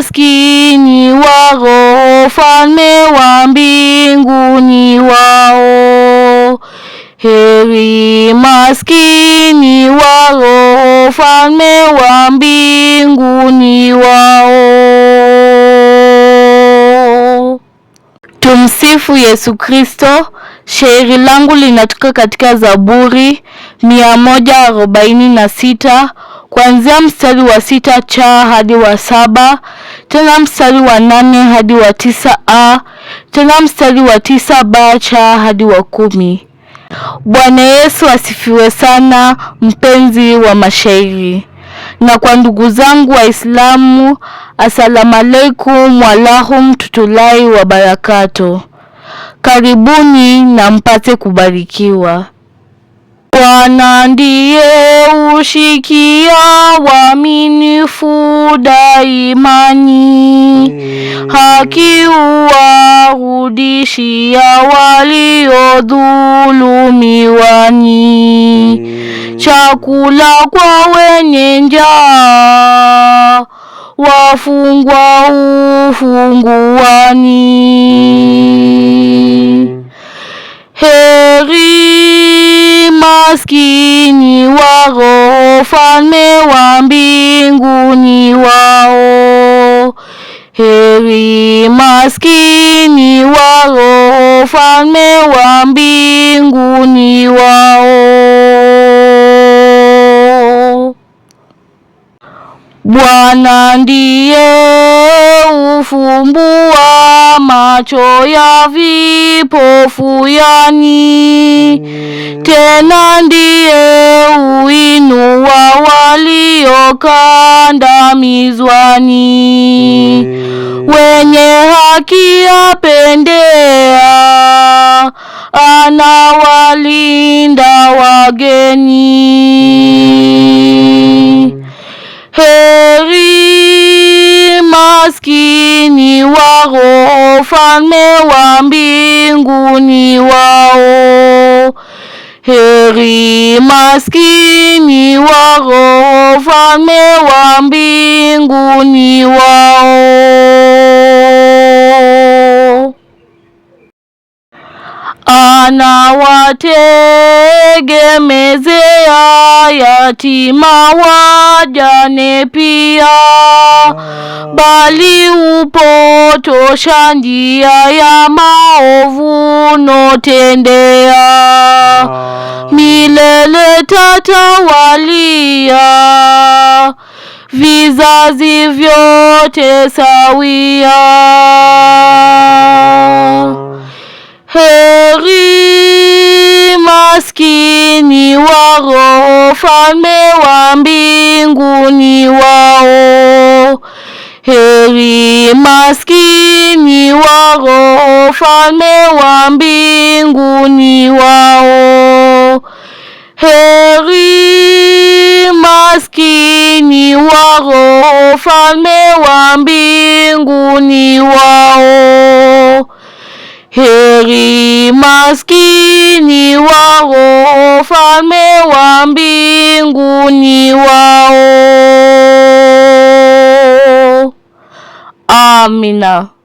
maskini wa roho, ufalme wa mbinguni wao. Heri maskini wa roho, ufalme wa mbinguni wao. Tumsifu Yesu Kristo. Shairi langu linatoka katika Zaburi mia moja arobaini na sita kuanzia mstari wa sita cha hadi wa saba tena mstari wa nane hadi wa tisa a tena mstari wa tisa ba cha hadi wa kumi. Bwana Yesu asifiwe sana, mpenzi wa mashairi. Na kwa ndugu zangu Waislamu, asalamu alaikum walahum tutulai wa barakato. Karibuni na mpate kubarikiwa. Bwana ndiye kushikia waminifu daimani mm. Haki huwarudishia waliodhulumiwani mm. Chakula kwa wenye njaa wafungwa ufunguani mm. Heri maskini waro ufalme wa mbinguni wao. Heri maskini wa roho, ufalme wa mbinguni wao. Bwana ndiye ufumbua macho ya vipofu yani, mm. tena ndiye uinua waliokandamizwani, mm. wenye haki apendea anawalinda wageni. Mm. Heri maskini wa roho ufalme wa mbinguni wao. Heri maskini wa roho, ufalme wa mbinguni wao. Anawategemezea yatima, wajane pia bali upotosha njia ya maovu notendea. Ah. Milele tatawalia, vizazi vyote sawia. Ah. Heri maskini wa roho, falme wa mbinguni wao Heri maskini waro ufalme wa mbinguni wao. Heri maskini waro ufalme wa mbinguni wao. Heri maskini waro ufalme wa mbinguni wao. I mean, now.